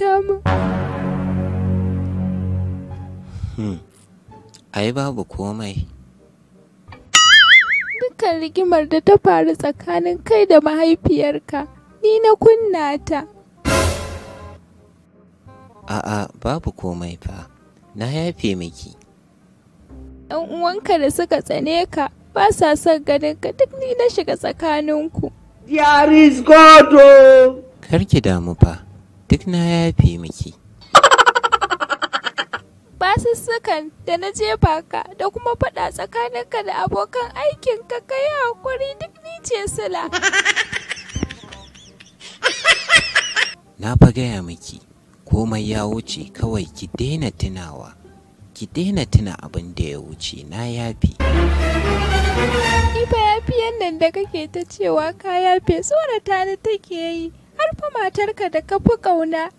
dama. Hmm. Ai babu komai. Dukkan rigimar da ta faru tsakanin kai da mahaifiyarka, ni na kunna ta. A'a, babu komai fa. Na yafe miki. ‘Yan uwanka da suka tsane ka, ba sa son ganin ka duk ni na shiga tsakaninku. There is God! Oh. Kar ki damu fa. duk na yafe miki. Ba Basussukan da na jefa ka da kuma faɗa tsakaninka da abokan aikin ka yi hakuri duk ni ce sila. Na fa gaya miki, komai ya wuce kawai ki daina tunawa, ki daina tuna abin da ya wuce na Kifa ya yafi yannan da kake ta cewa ka yafe tsorata ta take yi. harfa matarka da ka fi ƙauna